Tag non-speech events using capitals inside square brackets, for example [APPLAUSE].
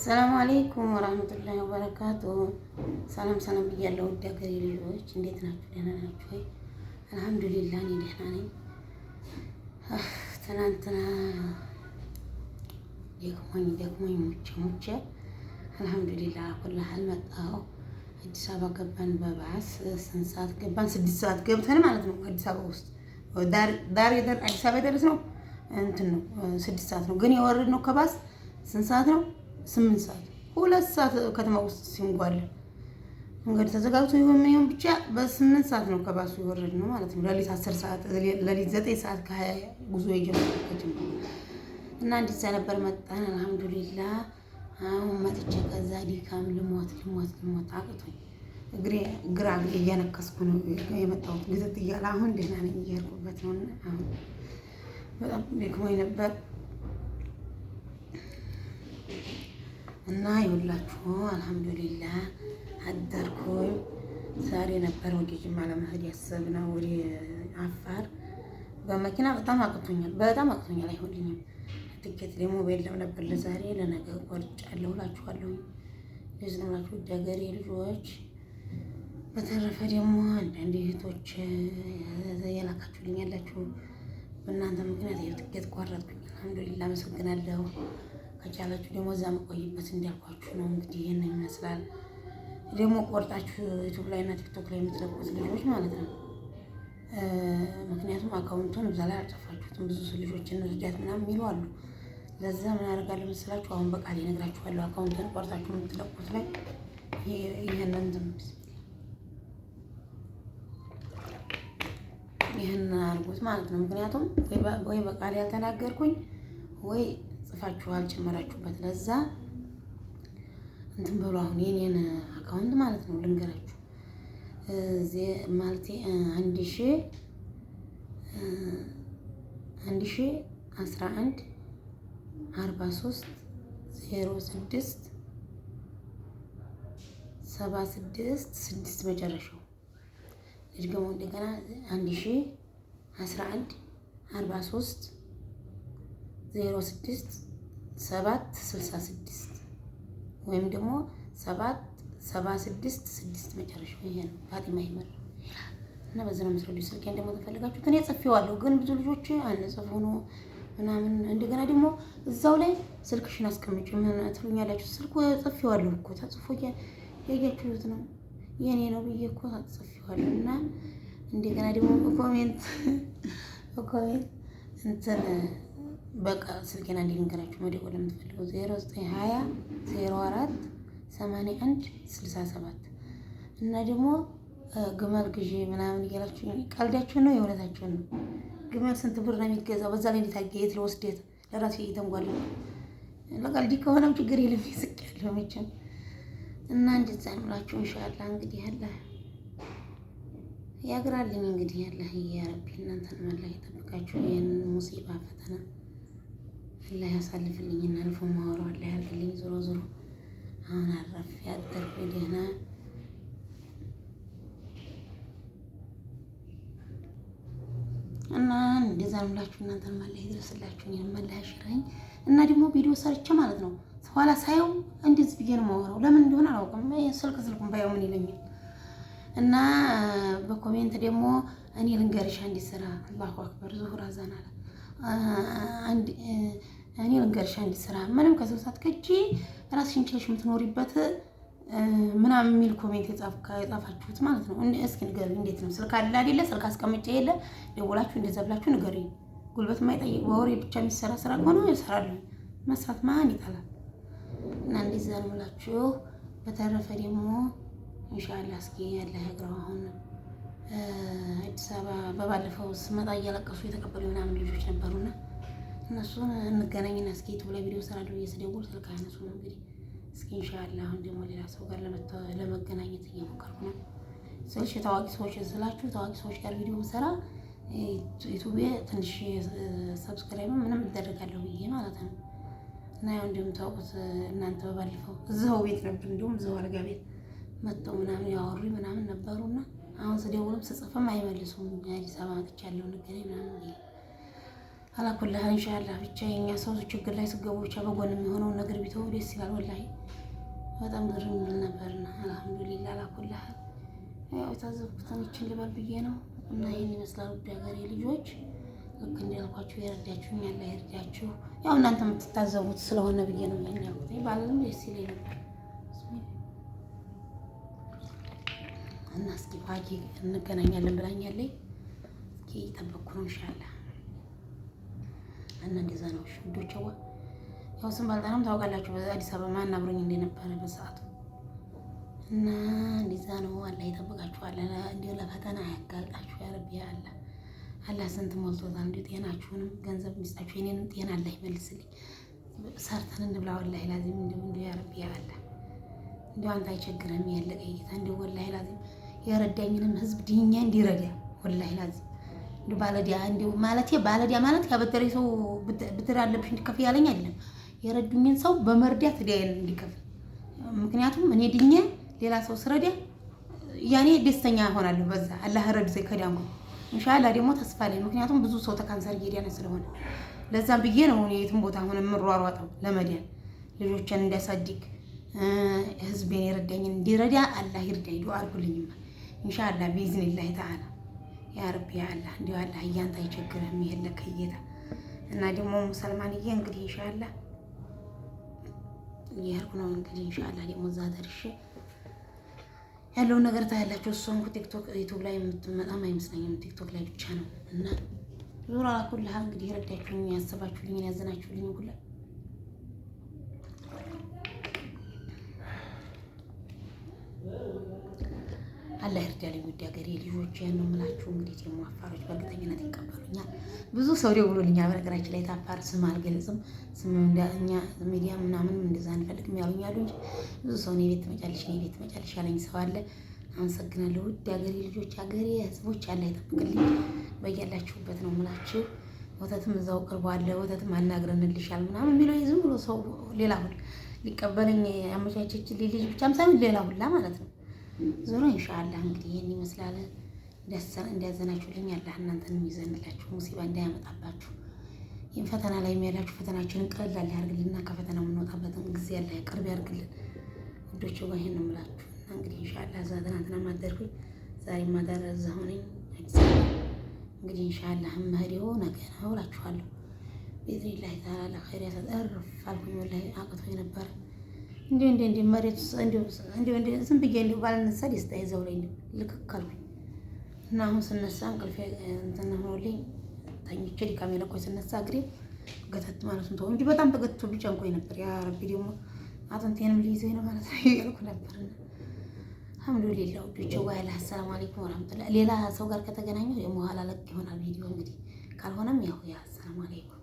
ሰላም አሌይኩም ወራህመቱላሂ ወበረካቱ። ሰላም ሰላም ብያለሁ። ውድ ሀገሬ ልጆች እንዴት ናችሁ? ደህና ናችሁ ወይ? አልሐምዱሊላህ እኔ ደህና ነኝ። ትናንትና ደክሞኝ ደክሞኝ ሙቼ ሙቼ አልሐምዱሊላህ አኩላ ሀል መጣሁ። አዲስ አበባ ገባን በባስ ስንት ሰዓት ገባን? ስድስት ሰዓት ገብተን ማለት ነው። አዲስ አበባ ውስጥ ዳር አዲስ አበባ የደረስነው እንትን ነው ስድስት ሰዓት ነው። ግን የወረድነው ከባስ ስንት ሰዓት ነው? ስምንት ሰዓት ሁለት ሰዓት ከተማ ውስጥ ሲንጓለን መንገድ ተዘጋግቶ ይሆን ምን ይሆን ብቻ በስምንት ሰዓት ነው ከባሱ ይወረድ ነው ማለት ነው። ለሊት አስር ሰዓት ለሊት ዘጠኝ ሰዓት ከሀያ ጉዞ የጀመረበት እና እንዲዛ ነበር መጣን። አልሐምዱሊላ አሁን መጥቼ ከዛ ዲካም ልሞት ልሞት ልሞት አቅቶኝ እግሬ ግራ እግሬ እያነከስኩ ነው የመጣሁት ግዘት እያለ አሁን ደህና ነኝ እየሄድኩበት ነው። አሁን በጣም ደክሞኝ ነበር። እና ይኸውላችሁ አልሐምዱሊላህ አደርኩኝ። ዛሬ ነበር ወደ ጅማ ለመሄድ ያሰብነው ወደ አፋር በመኪና በጣም አቅቶኛል፣ በጣም አቅቶኛል፣ አይሆንልኝም። ትኬት ደግሞ በየለም ነበር ለዛሬ ለነገ ቆርጫለሁ እላችኋለሁ። ዝናችሁ ደገሬ ልጆች፣ በተረፈ ደግሞ አንዳንድ እህቶች የላካችሁልኝ ያላችሁ በእናንተ ምክንያት ትኬት ቆረጥኩኝ። አልሐምዱሊላህ አመሰግናለሁ። ከቻላችሁ ደግሞ እዛ መቆይበት እንዲያልኳችሁ ነው። እንግዲህ ይህን ይመስላል። ደግሞ ቆርጣችሁ ዩቱብ ላይ እና ቲክቶክ ላይ የምትለቁት ልጆች ማለት ነው። ምክንያቱም አካውንቱን እዛ ላይ አልጠፋችሁትም። ብዙ ልጆችን እርዳት ምናምን የሚሉ አሉ። ለዛ ምን አደርጋለሁ መስላችሁ? አሁን በቃል ይነግራችኋለሁ። አካውንቱን ቆርጣችሁ የምትለቁት ላይ ይህንን ዝምስ ይህን አድርጉት ማለት ነው። ምክንያቱም ወይ በቃል ያልተናገርኩኝ ወይ ከፍታችሁ አልጨመራችሁበት ለዛ እንትን በሉ። አሁን የኔን አካውንት ማለት ነው ልንገራችሁ ማለት አንድ ሺ አንድ ሺ አስራ አንድ አርባ ሶስት ዜሮ ስድስት ሰባ ስድስት ስድስት መጨረሻው እድገሞ እንደገና አንድ ሺ አስራ አንድ አርባ ሶስት ዜሮ ስድስት ሰባት ስልሳ ስድስት ወይም ደግሞ ሰባት ሰባ ስድስት ስድስት መጨረሻ ይሄ ነው። ፋጢማ ይመር እና በዛ ነው መስሎኝ። ስልኬን ደግሞ ተፈልጋችሁ እኔ ጽፌዋለሁ፣ ግን ብዙ ልጆች አንጽፉ ነው ምናምን። እንደገና ደግሞ እዛው ላይ ስልክሽን አስቀምጪ ምን ትሉኛላችሁ? ስልኩ ጽፌዋለሁ እኮ ተጽፎ ያያችሁት ነው የኔ ነው ብዬ እኮ ጽፌዋለሁ። እና እንደገና ደግሞ በኮሜንት [LAUGHS] በኮሜንት እንትን በቃ ስልኬን አንዴ ልንገራችሁ። መደወል ለምትፈልገው ዜሮ ዘጠኝ ሀያ ዜሮ አራት ሰማንያ አንድ ስልሳ ሰባት እና ደግሞ ግመል ግዢ ምናምን እያላችሁ ቀልዳችሁን ነው የእውነታችሁን ነው። ግመል ስንት ብር ነው የሚገዛው? በዛ ላይ እንዴት የት ለወስደት ለራሱ እየተንጓለ ለቀልድ ከሆነም ችግር የለም ይስቅ ያለው መቼም እና እንደዛ እንላችሁ እንሻላ እንግዲህ ያለ ያግራልኝ እንግዲህ ያለ የረቢ እናንተን መላ የጠብቃችሁ ይህንን ሙሲባ ፈተና ላይ ያሳልፍልኝ እና አልፎ ማወራው ላይ ያርግልኝ። ዞሮ ዞሮ አሁን አረፍ ያደርኩ ደህና እና እንደዛ ምላችሁ እናንተን ማለ ይድረስላችሁ እኔን ያሽረኝ እና ደግሞ ቪዲዮ ሰርቼ ማለት ነው ኋላ ሳየው እንደዚህ ብዬ ነው ማወራው። ለምን እንደሆነ አላውቅም። ስልክ ስልኩን ባየው ምን ይለኛል? እና በኮሜንት ደግሞ እኔ ልንገርሻ እንዲሰራ አላሁ አክበር ዙሁር አዛናለ አንድ እኔ ልንገርሽ አንድ ስራ ምንም ከሰው ሳትከጂ ራስሽን ችለሽ የምትኖሪበት ምናምን የሚል ኮሜንት የጻፋችሁት ማለት ነው። እስኪ ንገር፣ እንዴት ነው ስልክ አለ አይደለ? ስልክ አስቀምጫ የለ ደወላችሁ፣ እንደዛ ብላችሁ ጉልበት የማይጠይቅ በወሬ ብቻ የሚሰራ ስራ ከሆነ ይሰራሉ። መስራት ማን ይጠላል? እና እንደዛ ነው ብላችሁ። በተረፈ ደግሞ እንሻላ እስኪ ያለ ሀገር አሁን አዲስ አበባ በባለፈው ስመጣ እያለቀሱ የተቀበሉ ምናምን ልጆች ነበሩና እነሱን እንገናኝና እስኪ ዩቱብ ቪዲዮ ስራ ድሮ እየስደውል ስልክ አይነሱ ነው እንግዲህ እስኪ እንሻላ አሁን ደግሞ ሌላ ሰው ጋር ለመገናኘት እየሞከርኩ ነው ስልሽ ታዋቂ ሰዎች ስላችሁ ታዋቂ ሰዎች ጋር ቪዲዮ ስራ ዩቱብ ትንሽ ሰብስክራይብ ምንም እንደረጋለሁ ብዬ ማለት ነው። እና ያው እንደምታውቁት እናንተ በባለፈው እዛው ቤት ነበር፣ እንዲሁም እዛው አልጋ ቤት መጥተው ምናምን ያወሩ ምናምን ነበሩና አሁን ስደውልም ስጽፍም አይመልሱም። አዲስ አበባ መጥቻለሁ ንገረኝ ምናምን አላኩላህ ኢንሻአላህ ብቻ የኛ ሰው ችግር ላይ ስገቡ ብቻ በጎን የሚሆነውን ነገር ቢተው ደስ ይላል። ወላሂ በጣም ግርም የሚል ነበርና አልሐምዱሊላህ አላኩላህ ያው የታዘብኩትን ይችን ልበል ብዬ ነው እና ይህን ይመስላል። ውድ ሀገሬ ልጆች ልክ እንዳልኳችሁ የረዳችሁ ያለ የረዳችሁ ያው እናንተ የምትታዘቡት ስለሆነ ብዬ ነው ይህን ያልኩት። ባለም ደስ ይለኝ ነበር እና እስኪ ፋጌ እንገናኛለን ብላኛለኝ። እስኪ እየጠበቅኩ ነው ኢንሻአላህ እና እንደዛ ነው ውዶች። ያው ስም ባልጠራም ታውቃላችሁ፣ አዲስ አበባ ማን አብሮኝ እንደነበረ በሰዓቱ እና እንደዛ ነው። አላህ ይጠብቃችኋል። እንዲሁ ለፈተና አያጋልጣችሁ ያረቢ አለ አላህ ስንት ሞልቶታል። እንዲሁ ጤናችሁንም ገንዘብ ሚስጣችሁ የኔንም ጤና አላህ ይመልስልኝ። ሰርተን እንብላ ወላሂ ላዚም እንዲሁ እንዲሁ ያረቢ አለ እንዲሁ አንተ አይቸግረም ያለቀ ጌታ እንዲሁ ወላሂ ላዚም የረዳኝንም ህዝብ ድኛ እንዲረዳ ወላሂ ላዚም እንዲሁ ባለዲያ እንዲ ማለት ባለዲያ ማለት ያበደረኝ ሰው ብድር አለብሽ እንዲከፍል ያለኝ አይደለም፣ የረዱኝን ሰው በመርዳት ዕዳዬን እንዲከፍል። ምክንያቱም እኔ ድኘ ሌላ ሰው ስረዳ ያኔ ደስተኛ ሆናለሁ። በዛ አላህ ረድ ዘይ ከዳንኩ እንሻላ ደግሞ ተስፋ ላይ ምክንያቱም ብዙ ሰው ተካንሰር እየዳነ ስለሆነ ለዛም ብዬ ነው እኔ የትም ቦታ ሆነ የምሯሯጠው ለመዳን ልጆችን እንዲያሳድግ ህዝቤን የረዳኝን እንዲረዳ አላህ ይርዳኝ። ዱአ አድርጉልኝማ ኢንሻአላህ ቢዝኒላህ ተዓላ ያርቢ ያላ እንዲሁ ያላ እያንተ አይቸግርህም። ይሄን ልክ እይታ እና ደግሞ ሙሰልማንዬ እንግዲህ ኢንሻአላ እየሄድኩ ነው። እንግዲህ ኢንሻአላ ደግሞ እዛ ደርሼ ያለውን ነገር ታያላችሁ። እሷ እንኳ ቲክቶክ ዩቲዩብ ላይ የምትመጣም አይመስለኝም። ቲክቶክ ላይ ብቻ ነው እና ዙራ ሁላ እንግዲህ ረዳችሁኝ፣ ያሰባችሁልኝ፣ ያዘናችሁልኝ ሁላ አላህ ይርዳል። ውድ ሀገሬ ልጆች ነው የምላችሁ። እንግዲህ ደግሞ አፋሮች በእርግጠኝነት ይቀበሉኛል። ብዙ ሰው ደውሎልኛል። በነገራችን ላይ ታፋር ስም አልገልጽም። ስም እኛ ሚዲያ ምናምን እንደዛ አንፈልግም ያሉኛሉ እንጂ ብዙ ሰው ነው ቤት መጫለሽ ነው ቤት መጫለሽ ያለኝ ሰው አለ። አመሰግናለሁ። ውድ ሀገሬ ልጆች፣ ሀገሬ ህዝቦች አላህ ይጠብቅልኝ። በያላችሁበት ነው የምላችሁ። ወተትም እዛው ቅርቡ ወተትም አናግረንልሻል ምናምን የሚለው ዝም ብሎ ሰው ሌላ ሁሉ ሊቀበለኝ ያመቻቸችልኝ ልጅ ብቻም ሳይሆን ሌላ ሁላ ማለት ነው ዞሮ ኢንሻአላህ እንግዲህ ይህን ይመስላል። እንዲያዘናችሁልኝ አላህ እናንተን የሚዘንላችሁ ሙሲባ እንዳያመጣባችሁ ይህን ፈተና ላይ የሚያላችሁ ፈተናችንን ቀላል ያርግልንና ከፈተና የምንወጣበትን ጊዜ ያለ ቅርብ ያርግልን። ወንዶች ጋር ይህን ምላችሁ እና እንግዲህ ኢንሻአላህ እዛ ትናንትና ማደርኩኝ ዛሬ ማዳር እዛ ሆነኝ። እንግዲህ ኢንሻአላህ መሄድ የሆነ ገና እውላችኋለሁ ቤዝኒላህ ተዓላ ለኸይር ያሳጠር ፋልኩኝ ወላሂ አቅቶኝ ነበር። እንዲ እንዲሁ እንዲሁ መሬት ውስጥ ዝም ብዬ እንዲሁ ባልነሳ ደስታ ይዘው ላይ እና አሁን ስነሳ እንቅልፌ እንትን ሆኖልኝ ተኝቼ ድካሜ ስነሳ እግሬ ገተት እንጂ በጣም ነበር። ያ ረቢ ደግሞ አጥንቴንም ሊይዘኝ ነው ማለት ነው [LAUGHS] እያልኩ ነበር። አልሐምዱሊላህ ውዶች ዋይላ አሰላሙ አለይኩም ወራህመቱላህ። ሌላ ሰው ጋር ከተገናኘሁ የመኋላ ለቅ ይሆናል ቪዲዮ እንግዲህ ካልሆነም ያው ያ አሰላሙ አለይኩም